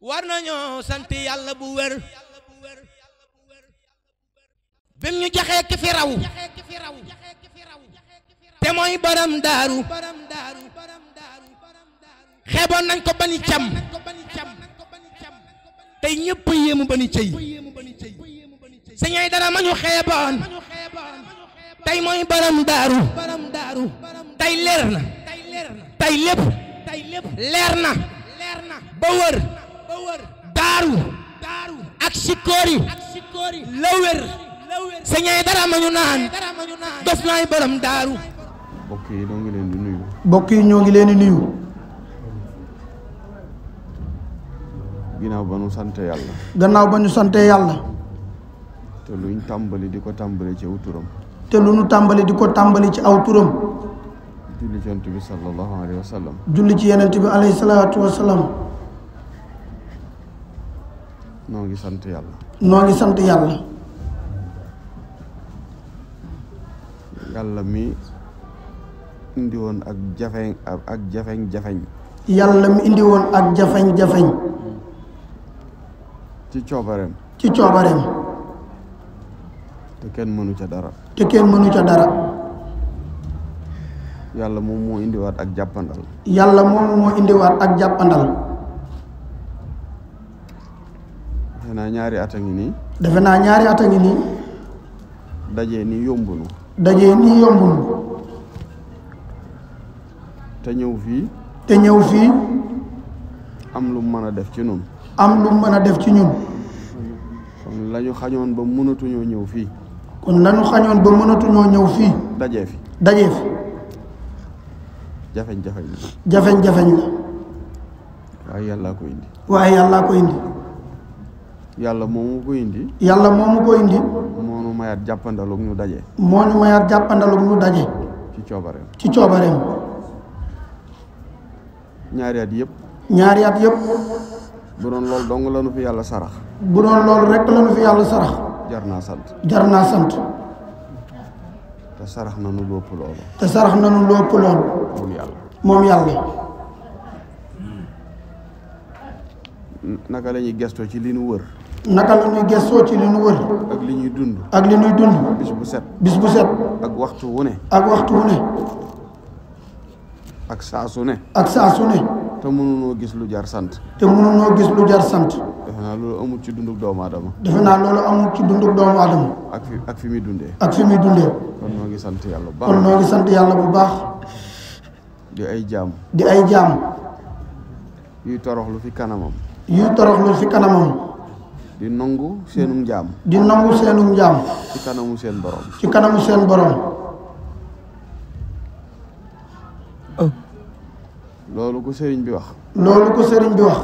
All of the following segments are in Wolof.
war nañoo sant yàlla bu wér bim ñu joxee ki fi raw te mooy borom daaru xeeboon nañ ko bani cam tey ñëpp yéemu bani cëy sañay dara ma ñu tey mooy borom daaru tey leer na tay lepp tay lepp lerna lerna ba wër ba wër daru daru ak sikori ak sikori la wër seigneur dara ma ñu naan def naay borom daru bokki yi ñoo ngi leen di nuyu bokki yi ñoo ngi leen di nuyu ginaaw ba ñu sante yalla gannaaw ba ñu sante yalla te luñu tambali diko tambali ci aw te luñu tambali diko tambali ci awturam julli ci yonent bi sallallahu ci yonent bi alayhi salaatu wa salaam. noo ngi sant yàlla. noo ngi sant yàlla. yàlla mi indi woon ak jafeñ ak jafeñ jafeñ. yàlla mi indi woon ak jafeñ jafeñ. ci coobareem. ci coobareem. te kenn mënu ca dara. te kenn mënu ca dara. mom mo indi wat ak yalla mom mo indi wat ak jappandal defena ñaari at a ngi ateng ini. ñaari at a ngi nii yombunu dajé ni yombunu te ñew fi te ñew fi am lu mëna def ci ñun am lu mëna def ci ñun kon lañu xañoon ba ñew fi kon lañu xañoon ba ñew fi dajé fi dajé fi jafeñ-jafeñ la jafeñ-jafeñ la waaye yàllaa ko indi waaye yàllaa ko indi yàlla moomu ko indi yàlla moomu ko indi moo nu mayaat jàppandalug ñu daje moo nu mayaat jàppandalug ñu daje ci coobareem ci coobareem ñaari at yëpp ñaari at yëpp bu doon loolu dong la nu fi yàlla sarax bu doon lool rek la nu fi yàlla sarax jar naa sant jar naa sant te sarax na nu lopp te sarax na nu lopp moom yàlla moom yàlla naka lañuy ñuy gestoo ci li wër naka la ñuy gestoo ci li nu wër ak li ñuy dund ak li ñuy dund bis bu set bis bu set ak waxtu wu ne ak waxtu wu ne ak saa ne ak saa ne te mënunoo gis lu jar sant te noo gis lu jar sant naa loolu amul ci dunduk doomu aadama defe naa loolu amul ci dunduk doomu aadama ak fi ak fi muy dundee ak fi muy dundee kon noo ngi sant yàlla bu baax kon noo ngi sant yàlla bu baax di ay jam, di ay jaam yuy toroxlu fi kanamam yuy toroxlu fi kanamam di nangu seenu njaam di nangu seenu njaam ci kanamu seen borom ci kanamu seen borom oh. loolu ko sëriñ bi wax loolu ko sëriñ bi wax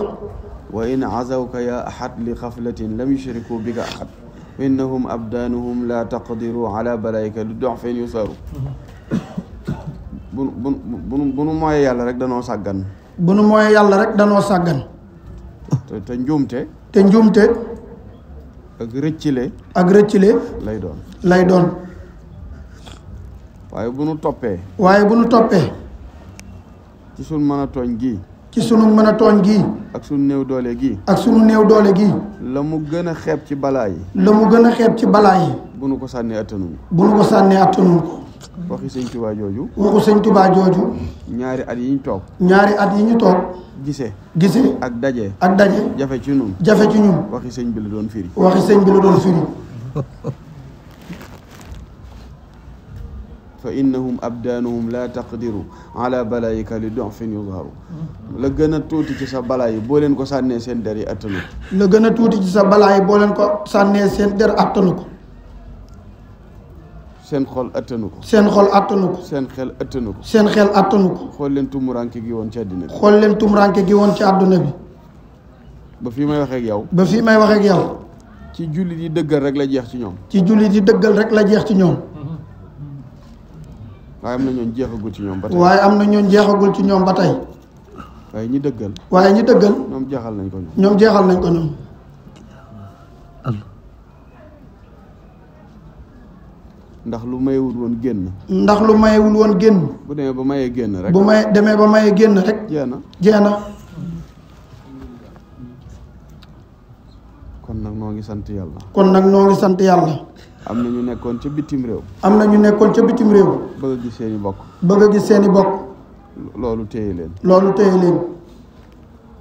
وإن عزوك يا أحد لغفلة لم يشركوا بك أحد إنهم أبدانهم لا تقدروا على بلائك لضعف يسار بنو موي يالا رك دانو ساغان بنو موي يالا رك دانو ساغان تي نجومتي تي نجومتي اك رتشيلي اك رتشيلي لاي دون لاي دون واي بنو توبي واي بنو توبي ci sun mëna toñ gii ci sunu mën a tooñ gii. ak sunu néew doole gi ak sunu néew doole gi la mu gën a xeeb ci balaa yi. la mu gën a xeeb ci balaa yi. bu nu ko sànnee attanuñ bu nu ko sànnee attanuñ ko. waxi sëñ tubaa jooju. waxu sëñ tubaa jooju. ñaari at yi ñu toog. ñaari at yi ñu toog. gise gise ak daje. ak daje. jafe ci ñun. jafe ci ñun. waxi sëñ bi la doon firi. waxi sëñ bi la doon firi. فإنهم أبدانهم لا تقدر على بلائك لضعف يظهر لا غنا توتي سي بلاي بولين كو ساني سين دير اتنو لا توتي سي بلاي بولين كو ساني سين دير اتنو سين خول اتنو سين خول اتنو سين خيل اتنو سين خيل اتنو خول لين تومرانكي غي وون سي ادنا خول لين تومرانكي غي وون سي ادنا بي با في ماي واخ اك ياو با في ماي واخ اك ياو ci julit yi deugal rek la jeex ci ñoom ci julit yi deugal rek la jeex ci ñoom waaye am na ñooñ jeexagul ci ñoom ba tey. waaye am na ñooñ jeexagul ci ñoom ba tey. waaye ñi dëggal. waaye ñi dëggal. ñoom jeexal nañ ko ñoom. jeexal nañ ko ñoom. ndax lu mayewul woon génn. ndax lu mayewul woon génn. bu demee ba mayee génn rek. bu may demee ba mayee génn rek. jeex na jeex na. kon nag noo ngi sant yàlla. kon nag noo ngi sant yàlla. am na ñu nekkoon ca bitim réew. am na ñu nekkoon ca bitim réew. bëgg a gis seen bokk. ba a gis seeni bokk. loolu téye leen. loolu téye leen.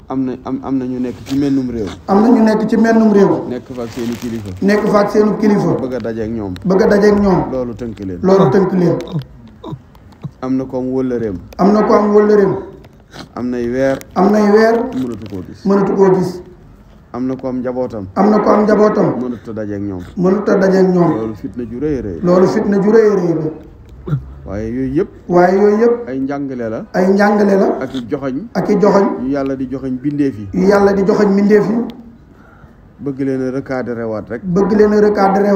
am na am am na ñu nekk ci mennum réew. am na ñu nekk ci mennum réew. nekk fa ak kilifa. nekk fa ak seen kilifa. bëgg a dajeeg ñoom. bëgg a dajeeg ñoom. loolu tënk leen. loolu tënk leen. am na ko am am na ko am am nay weer. am na weer. mënatu koo gis gis. am na ko am njabootam. am na ko njabootam. a dajeeg ñoom. mënut a dajeeg ñoom. loolu fitna ju rëy rëy. loolu fitna ju rëy waaye yooyu yëpp. waaye yooyu yëpp. ay njàngale la. ay njàngale la. ak i joxoñ. ak i joxoñ. yu yàlla di joxoñ bindeef yi. yàlla di joxoñ bindeef bëgg leen a recadré rek. bëgg leen a recadré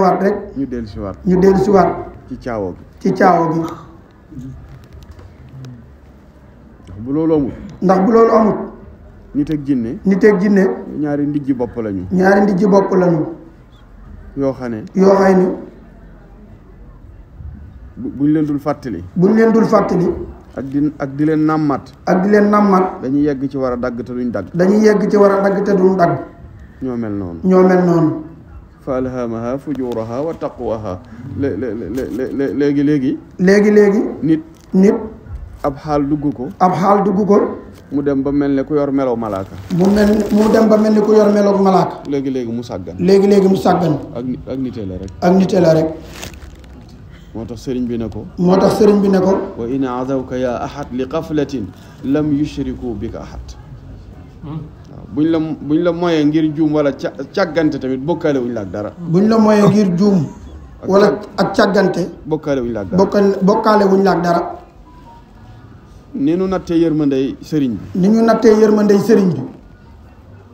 ñu dellusiwaat. ñu dellusiwaat. ci caawa gi. ci caawa gi. ndax bu loolu amul. ndax bu loolu amul. nit ak jinne nit ak jinne ñaari ndijji bopp lañu ñaari ndijji bopp lañu yoo xam ne yoo xam ne buñ leen dul fàttali buñ leen dul fàttali ak di ak di leen nàmmat ak di leen nàmmat dañu yegg ci war a dagg te duñ dagg dañuy yegg ci war a dagg te ñoo mel noonu ñoo mel noonu fa alhamaha fujuraha wa taqwaha léegi léegi léegi léegi nit nit ab xaal dugg ko. ab xaal dugg ko. mu dem ba mel ne ku yor melow malaaka. mu mel mu dem ba mel ni ku yor melow malaaka. léegi léegi mu sàggan. léegi léegi mu sàggan. ak ak nitee la rek. ak nitee la rek. moo tax sëriñ bi ne ko. moo tax sëriñ bi ne ko. wa in azawka yaa ahad li qaflatin lam yushriku bika ahad. Hmm? waaw buñ la buñ la moyee ngir juum wala ca càggante tamit bokkaale wuñ la ak dara. buñ la moyee ngir juum. wala ak càggante. bokkaale wuñ la ak dara bokkaale dara. ni nu nattee yërmandey sëriñ bi. ni ñu nattee yërmandey sëriñ bi.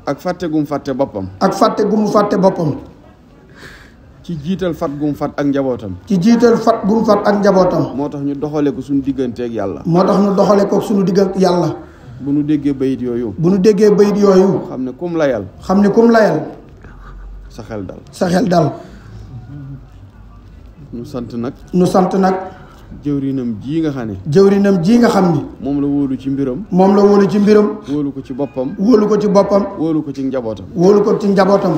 ak fàtte gu mu fàtte boppam. ak fàtte gu mu fàtte boppam. ci jiital fat gu mu fat ak njabootam. ci jiital fat gu mu ak njabootam. moo tax ñu doxale ko suñu digganteek yàlla. moo tax ñu doxale ko suñu diggante yàlla. bu nu déggee bayit yooyu. bu nu déggee bayit yooyu. xam ne kum layal. xam ne kum layal. sa xel dal. sa xel dal. nu sant nag. ñu sant nag. jëwrinam jii nga xam ne jëwrinam jii nga xam ni moom la wóolu ci mbiram moom la wóolu ci mbiram wóolu ko ci boppam wóolu ko ci boppam wóolu ko ci njabootam wóolu ko ci njabootam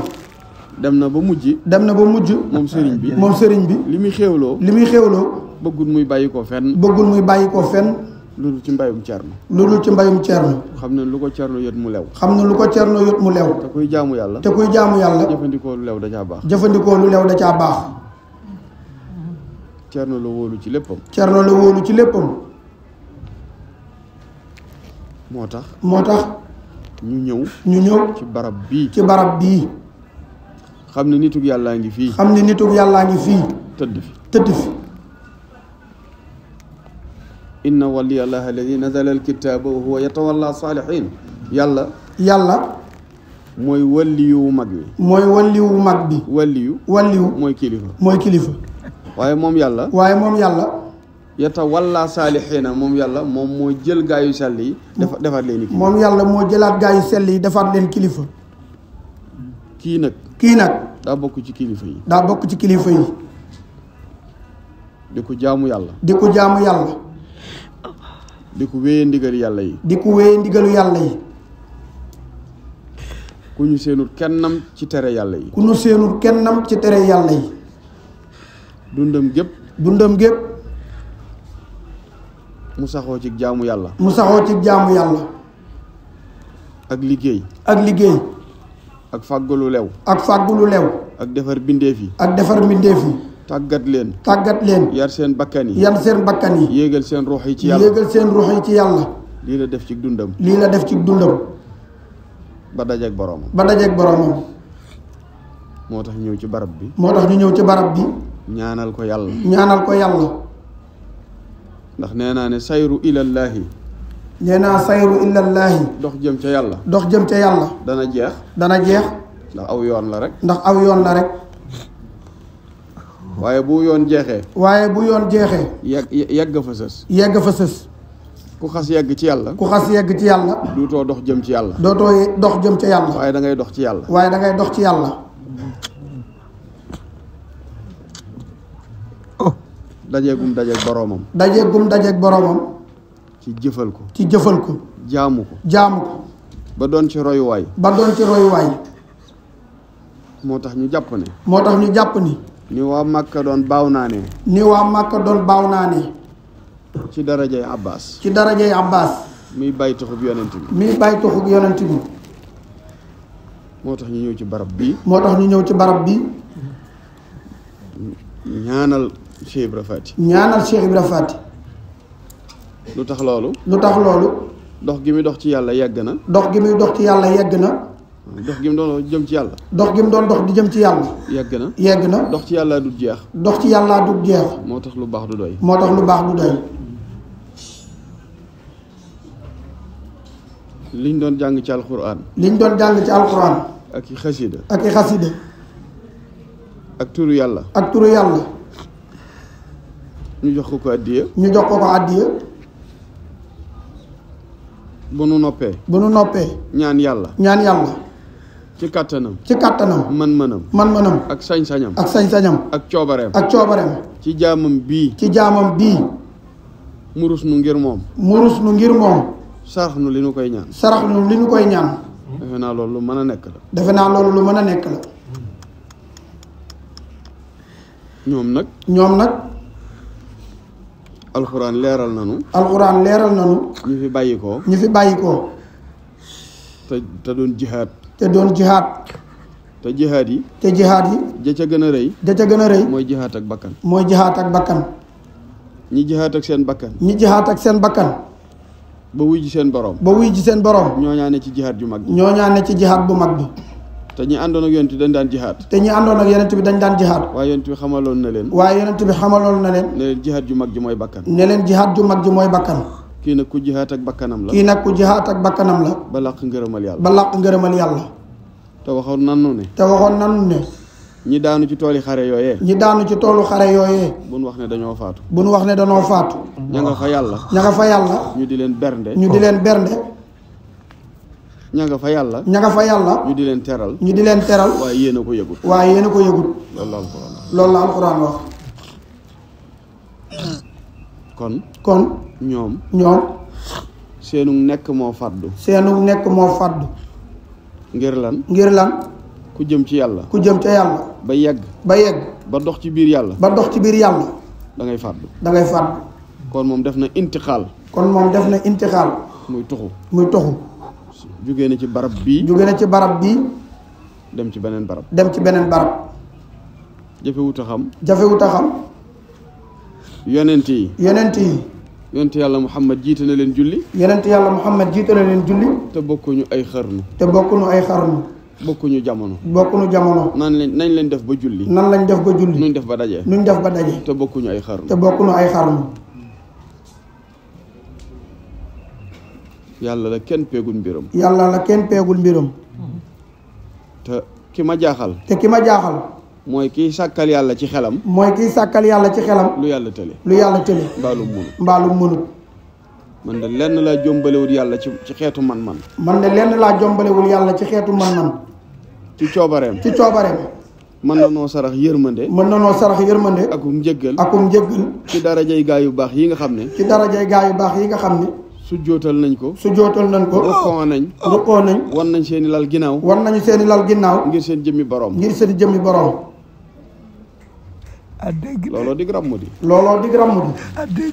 dem na ba mujj dem na ba mujj moom sëriñ bi moom sëriñ bi li muy xéewloo li muy xéewloo bëggul muy bàyyi koo fenn bëggul muy bàyyi koo fenn loolu ci mbayum cerno loolu ci mbayum cerno xam ne lu ko cerno yot mu lew xam ne lu ko cerno yot mu lew te kuy yàlla te kuy jaamu yàlla jëfandikoo lu lew da caa baax jëfandikoo lu lew da ca baax Cerno la wóolu ci léppam. Cerno la wóolu ci léppam. moo tax moo tax. ñu ñëw. ñu ñëw ci barab bii. ci barab bii. xam ne nitug yàllaa ngi fii. xam ne nitug yàllaa ngi fii. tëdd fi tëdd fi. inna waliya llahi alladi nazala alkitaaba wa huwa yatawalla saalihin yàlla. yàlla. mooy walliyu mag wi. mooy walliyu mag bi. walliyu. walliyu mooy kilifa. mooy kilifa. waaye moom yàlla. waaye moom yàlla. yata walla saalixiina moom yàlla moom moo jël gaa yu yi. dafa defaat leen kilifa moom yàlla moo jëlaat gaa yu sell yi defaat leen kilifa. kii nag. kii nag. daa bokk ci kilifa yi. daa bokk ci kilifa yi. di ko jaamu yàlla. di ko jaamu yàlla. di ko wéyee ndigal yàlla yi. di ko wéyee ndigalu yàlla yi. ku ñu seenul kennam ci tere yàlla yi. ku ñu seenul kennam ci tere yàlla yi. dundam gep dundam gep Musa saxoo ci jaamu yàlla mu saxoo ci jaamu yàlla ak liggéey ak liggéey ak fàggulu lew ak fàggulu lew ak defar bindeef fi ak defar bindeef fi tàggat leen tàggat leen yar seen bakkan yi yar seen bakkan yi yéegal seen ruux yi ci yàlla yéegal seen ruux yi ci yàlla lii la def ci dundam lii la def ci dundam ba dajeeg boroomam ba dajeeg boroomam moo tax ñëw ci barab bi moo tax ci barab bi ñaanal ko yàlla ñaanal ko yàlla ndax nee naa ne sayru ilallaahi nee naa sayru ilallaahi dox jëm ca yàlla dox jëm ca yàlla dana jeex dana jeex ndax aw yoon la rek ndax aw yoon la rek waaye bu yoon jeexee waaye bu yoon jeexee yegg yegg fa sës yegg fa sës ku xas yegg ci yàlla ku xas yegg ci yàlla dootoo dox jëm ci yàlla dootoo dox jëm ca yàlla waaye da ngay dox ci yàlla waaye da ngay dox ci yàlla dajeegum dajeeg boroomam. dajeegum dajeeg boroomam. ci jëfal ko. ci jëfal ko. jaamu ko jaamu ko. ba doon ci royuwaay. ba doon ci royuwaay. moo tax ñu jàpp ne. moo tax ñu jàpp ni. ni waa Màkka doon baaw naa ne. ni waa Màkka doon naa ne. ci darajay Abbas. ci darajay Abbas. muy bàyyi taxub yonent bi. muy bàyyi taxub yonent bi. moo tax ñu ñëw ci barab bii. moo tax ñu ñëw ci barab bii. ñaanal Cheikh Ibra Faty ñaanal Cheikh Ibra lu tax loolu lu tax loolu dox gi muy dox ci yàlla yegg na dox gi muy dox ci yàlla yegg na dox gi mu doon ci yàlla dox gi doon di jëm ci yàlla yegg na yàgg na dox ci yàlla du jeex dox ci yàlla du jeex moo tax lu baax du doy moo tax lu baax du doy liñ doon jàng ci alxuraan liñ doon jàng ci alxuraan ak i xasida ak i xasida ak turu yàlla ak turu yàlla ñu jox ko ko addiya. ñu jox ko ko addiya. bu nu noppee. bu nu noppee. ñaan yàlla. ñaan yàlla. ci kàttanam. ci kàttanam. man-manam. man-manam. ak sañ-sañam. ak sañ-sañam. ak coobareem. ak coobareem. ci jaamam bii. ci jaamam bii. murus nu ngir moom. murus nu ngir moom. sarax nu li nu koy ñaan. sarax nu li nu koy ñaan. defe naa loolu lu mën a nekk la. defe naa loolu lu mën a nekk la. ñoom nag. ñoom nag. alxuraan leeral nanu alxuraan leeral nanu ñu fi bàyyi ko ñu fi bàyyikoo te te doon jihaad te doon jihaad te jihaad yi te jihaad yi ja ca gën a rëy ja ca gën a rëy mooy jihaad ak bakkan mooy jihaad ak bakkan ñi jihaad ak seen bakkan ñi jihaad ak seen bakkan ba wuy ji seen borom ba wuy ji seen borom ñoo ñaa ci jihaad yu mag bi ñoo ñaa ci jihaad bu mag bi te ñi àndoon ak yonent bi dañ daan jihaad te ñi àndoon ak yonent bi dañ daan jihaad waaye yonent bi xamaloon na leen waaye yonent bi xamaloon na leen ne leen jihaad ju mag ji mooy bakkan ne leen jihaad ju mag ji mooy bakkan kii nag ku jihaat ak bakkanam la kii nag ku jihaat ak bakkanam la ba làq ngërëmal yàlla ba làq ngërëmal yàlla te waxoon nanu ne te waxoon nanu ne ñi daanu ci tooli xare yooyee ñi daanu ci toolu xare yooyee buñ wax ne dañoo faatu nu wax ne dañoo faatu ña nga fa yàlla ña nga fa yàlla ñu di leen bernde ñu di leen bernde Nyaga nga fa yàlla ña fa yàlla ñu di leen teral ñu di leen teral waaye yéen a ko yëgut waaye yéen ko yëgut loolu la alquran wax kon kon Nyom, Nyom, seenu nekk moo fàddu seenu nekk moo fàddu ngir lan ngir lan ku jëm ci yàlla ku jëm ca yàlla ba yegg ba yegg ba dox ci ba dox ci da ngay da ngay kon moom def na kon moom def na intixaal muy tuxu muy tuxu jugee na ci barab bii. jóge na ci barab bii. dem ci beneen barab. dem ci beneen barab. jafewut a xam. jafewut a xam. yonent yi. yonent yi. yonent yàlla Muhammad jiite na leen julli. yonent yàlla Muhammad jiite na leen julli. te bokkuñu ay xarnu. te bokkuñu ay xarnu. bokkuñu jamono. bokkuñu jamono. nan lañ nañ leen def ba julli. nan lañ def ba julli. nuñ def ba daje. nuñ def ba daje. te bokkuñu ay xarnu. te bokkuñu ay xarnu. yàlla la kenn peegul mbiram. yàlla la kenn peegul mbiram. te ki ma jaaxal. te ki ma jaaxal. mooy kiy sàkkal yàlla ci xelam. mooy kiy sàkkal yàlla ci xelam. lu yàlla tële. lu yàlla tële. mbaalum munut mbaalum munut. lenn laa jombalewul yàlla ci ci xeetu man-man. man de lenn laa jombalewul yàlla ci xeetu man ci coobareem. ci coobareem. mën na noo sarax yërmande. mën na noo sarax yërmande. akum njëggal akum njëggal. ci darajay gaa yu baax yi nga xam ne. ci darajay gaa yu baax yi nga xam ne. su jootal nañ ko su jootal nañ ko ruqoo nañ ruqoo nañ wan nañ seeni lal ginnaaw wan nañu seeni i lal ginnaaw ngir seen jëmmi borom ngir seen jëmmi borom a dégg looloo di ràmm di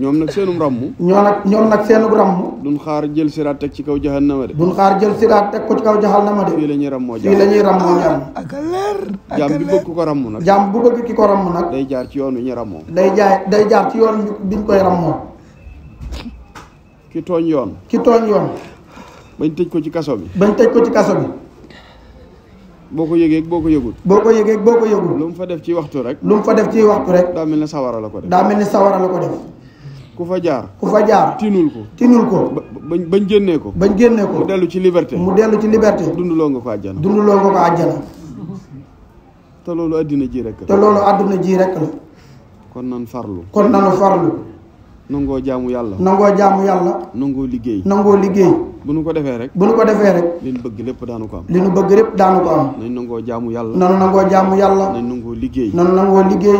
ñoom nag seenum ràmm ñoo nag ñoom nag seenum ràmm duñ xaar jël siraat teg ci kaw jahannama na duñ xaar jël siraat teg ci kaw jahannama de fii la ñuy ràmmoo fii la ñuy ràmmoo ak leer jàmm bi bëgg ko ràmm nag jàmm bu bëgg ki ko ràmm nag day jaar ci yoon wi ñu ràmmoo day jaar ci yoon biñ koy ràmmoo ki tooñ yoon. ki bañ tëj ko ci kaso bi. bañ tëj ko ci kaso bi. boo ko yëgee boo ko yëgul. boo ko yëgee boo ko yëgul. lu mu fa def ci waxtu rek. lu mu fa def ci waxtu rek. daa mel ni sawara la ko def. daa mel ni sawara ko def. ku fa jaar. ku fa jaar tinul ko. tinul ko. bañ génnee ko. bañ génnee ko mu dellu ci liberté. mu dellu ci liberté. dunduloo nga ko àjjana. dunduloo nga ko àjjana. te loolu àddina ji rek la. te loolu àddina jii rek la. kon nan farlu. kon nanu farlu. nangoo jaamu yàlla nangoo jaamu yàlla nangoo liggéey nangoo liggéey bu nu ko defee rek bu nu ko defee rek li nu bëgg lépp daanu ko am li nu bëgg lépp daanu ko am nañ nangoo jaamu yàlla nanu nangoo jaamu yàlla nañ nangoo liggéey nanu nangoo liggéey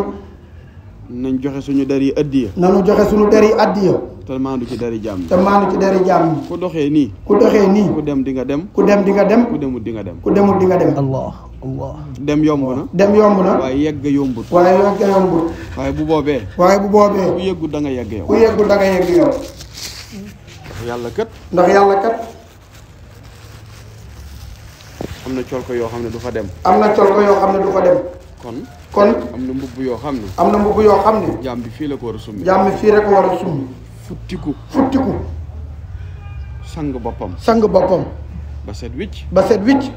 nañ joxe suñu dari addiya nanu joxe suñu dari addiya te maandu ci dari jaam te maandu ci dari jaam ku doxee nii ku doxee nii ku dem di nga dem ku dem di nga dem ku demut di nga dem ku demut dinga nga dem allah Allah dem yomb na dem yomb na waaye yegg yombut waaye yegg yombut waaye bu boobee waaye bu boobee ku yeggu da nga yegg yow ku yeggu da nga yegg yàlla kat ndax yàlla kat am na col ko yoo xam ne du fa dem am na col ko yoo xam dem kon kon am na mbubb yoo xam ne am na mbubb yoo xam ne jaam bi fii la ko war a summi jaam bi fii rek war a summi futtiku futtiku sang boppam sang boppam ba set wicc ba set wicc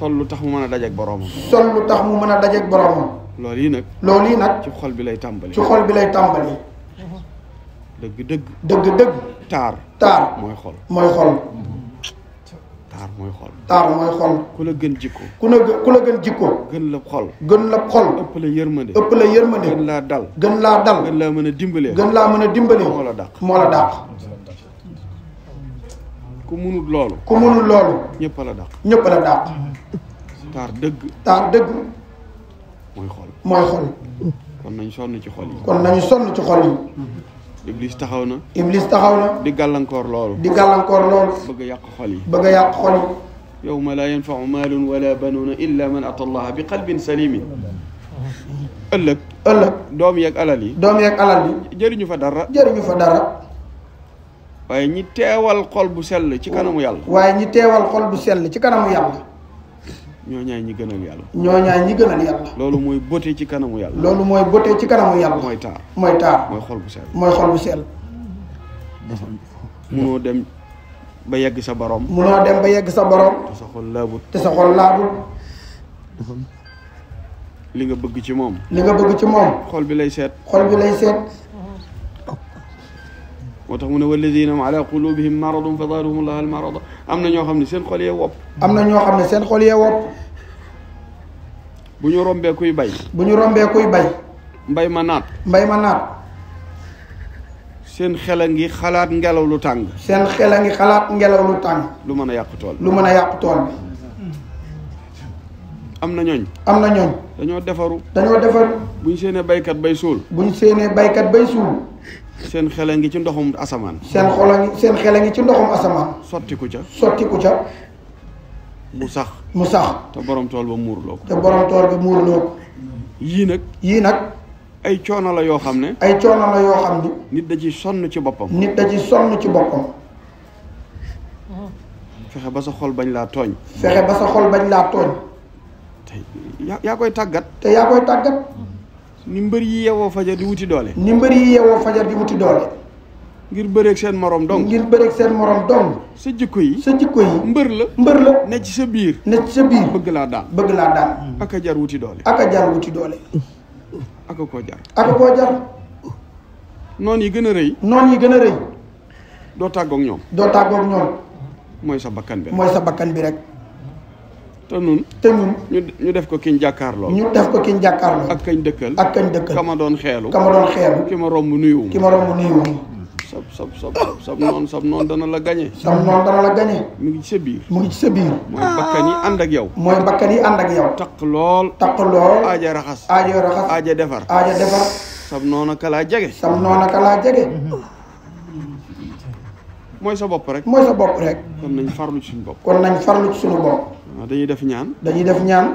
sol lu tax mu mën a dajeeg boroomam. sol lu tax mu mën a dajeeg boroomam. loolu yi nag. loolu yi nag. ci xol bi lay tàmbali. ci xol bi lay tàmbali. dëgg dëgg. dëgg taar. taar mooy xol. mooy taar mooy xol. taar mooy xol. ku la gën jikko. ku la gën ku la gën jikko. gën la xol. gën la xol. ëpp la yërmande. ëpp la yërmande. gën laa dal. gën laa dal. gën laa mën a dimbalee. gën laa mën a dimbalee. moo la dàq moo la dàq. ku munul loolu. ku munul loolu. ñëpp a la dàq. ñëpp a la dàq. taar dëgg. taar dëgg. mooy xol. mooy xol. kon nañu sonn ci xol yi. kon nañu sonn ci xol yi. taxaw na. Iblis taxaw na. di gàllankoor loolu. di gàllankoor loolu. bëgg a yàq xol yi. bëgg a yàq xol yi. yawma laa yanfau maalun wala banuuna illa man ata allaha bi qalbin salimin ëllëg. ëllëg doom yeeg alal yi. doom yeeg alal yi. jëriñu fa dara. jëriñu fa dara. waaye ñi teewal xol bu sell ci kanamu yàlla. waaye ñi teewal xol bu sell ci kanamu yàlla. ñooñaay ñi gënal yàlla. ñooñaay ñi gënal yàlla. loolu mooy bote ci kanamu yàlla. loolu mooy bote ci kanamu yàlla. mooy taar mooy taar. mooy xol bu sell. mooy xol bu sell. munoo dem ba yegg sa borom. munoo dem ba yegg sa borom. te sa xol laabul. te sa xol laabul. li nga bëgg ci moom. li nga bëgg ci moom. xol bi lay seet. xol bi lay seet. moo tax mu ne walladina hum ala qulubihim maradun fa zaadahum allahu marada am na ñoo xam ne seen xol yee wopp am na ñoo xam ne seen xol yee wopp bu ñu rombee kuy bay bu ñu rombee kuy bay mbay ma naat mbay ma naat seen xel a ngi xalaat ngelaw lu tàng seen xel a ngi xalaat ngelaw lu tàng lu mën a yàq tool lu mën a yàq tool bi am na ñooñ am na ñooñ dañoo defaru dañoo defaru bu ñu seenee baykat bay suul bu ñu seenee baykat bay suul seen xel a ngi ci ndoxum asamaan. seen xol seen xel a ngi ci ndoxum asamaan. sottiku ca sottiku ca. mu sax mu sax. te borom tool ba muurloo ko. te borom tool ba muurloo ko. yii nag. yii nag. ay coono la yoo xam ne. ay coono la yoo xam ne. nit da ci sonn ci boppam. nit da ci sonn ci boppam. fexe ba sa xol bañ laa tooñ. fexe ba sa xol bañ laa tooñ. te yaa koy tàggat. te yaa koy tàggat. ni mbër yi yeewoo fajar di wuti doole. ni mbër yi yeewoo fajar di wuti doole. ngir bëreeg seen moroom dong. ngir bëreeg seen moroom dong. sa jikko yi sa jikko yi. mbër la mbër la. ne ci sa biir. ne sa biir bëgg laa daan. bëgg laa daan. ak a jar wuti doole. ak a jar wuti yi gën a rëy. noon yi gën a rëy. doo tàggoog ñoom. doo tàggoog ñoom. mooy sa bakkan bi rek. mooy sa bakkan bi rek. tenun tenun te nun ñu def ko kiñ jàkkaarloo ñu def ko kiñ jàkkaarloo ak kañ dëkkal ak kañ dëkkal kama doon xeelu kama doon xeelu ki romb nuyu ki romb nuyu sab sab sab sab non sab non dana la gagné sab non dana la gagné mu ngi ci biir mu ngi ci biir moy bakkan and ak yow moy and ak yow tak lol tak lol aaja raxas aaja raxas aaja defar aaja defar sab non ak la jégué sab non ak la jégué moy sa bop rek moy sa bop rek kon nañ farlu ci suñu bop kon nañ farlu ci bop dañuy def ñaan. dañuy ñaan.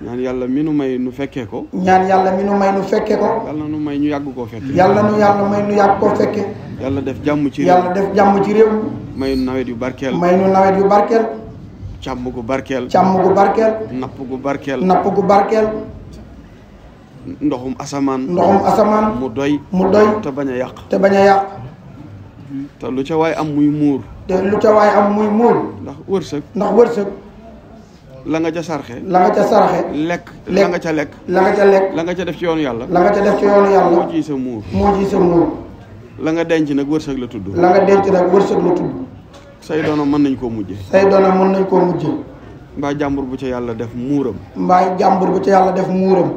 ñaan yàlla mi nu may nu fekkee ko. ñaan yàlla mi nu may nu fekkee ko. yàlla nu may ñu yàgg koo fekkee. yàlla nu yàlla may nu yàgg koo fekkee. yàlla def jàmm ci réew yàlla def jàmm ci réew. may nu nawet yu barkeel. may nu nawet yu barkeel. càmm gu barkeel. càmm gu barkeel. napp gu barkeel. napp gu barkeel. ndoxum asamaan. ndoxum asamaan. mu doy. mu doy te bañ a yàq. te bañ a yàq. te lu ca waay am muy muur. te lu ca waay am muy muur. ndax wërsëg. ndax wërsëg. la nga ca sarxe la nga ca sarxe lekk la nga ca lekk la nga ca lekk la nga ca def ci yoonu yàlla la nga ca def ci yoonu yàlla moo ciy sa muur moo ciy sa muur la nga denc nag wërsëg la tudd la nga denc nag wërsëg la tudd say doona mën nañ koo mujje say doona mën nañ koo mujje mbaa jàmbur bu ca yàlla def muuram mbaa jàmbur bu ca yàlla def muuram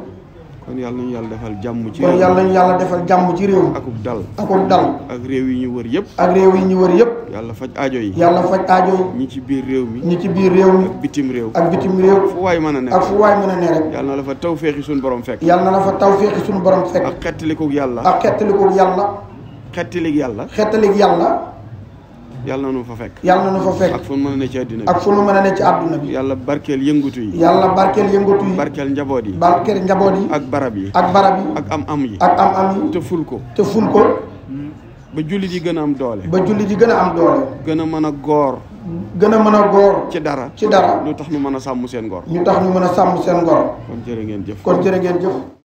kon yàlla nañu yàlla defal jàmm ci réew kon yàlla nañu yàlla defal jàmm ci réew akub dal akub dal ak réew yi ñu wër yëpp ak réew yi ñu wër yëpp yàlla faj aajo yi yàlla faj aajo yi ñi ci biir réew mi ñu ci biir réew mi ak bitim réew ak bitim réew fu waay mën a ne ak fu waay mën a ne rek yàlla na la fa taw feexi suñu borom fekk yàlla na la fa taw feexi suñu borom fekk ak xettalikoog yàlla ak xettalikoog yàlla xettalig yàlla xettalig yàlla yàlla na nu fa fekk yàlla na nu fa fekk ak fu nu mën a ne ci àddina bi mën a ne ci àdduna bi yàlla barkeel yëngutu yi yàlla barkeel yëngutu yi barkeel njaboot yi barkeel njaboot yi ak barab yi ak barab yi ak am am yi ak am am yi te ful ko te ful ko ba jullit yi gën a am doole ba jullit yi gën a am doole gën a mën a góor gën a mën a góor ci dara ci dara ñu tax ñu mën a sàmm seen goor ñu tax ñu mën a sàmm seen ngor kon jërë ngeen jëf kon jërë ngeen jëf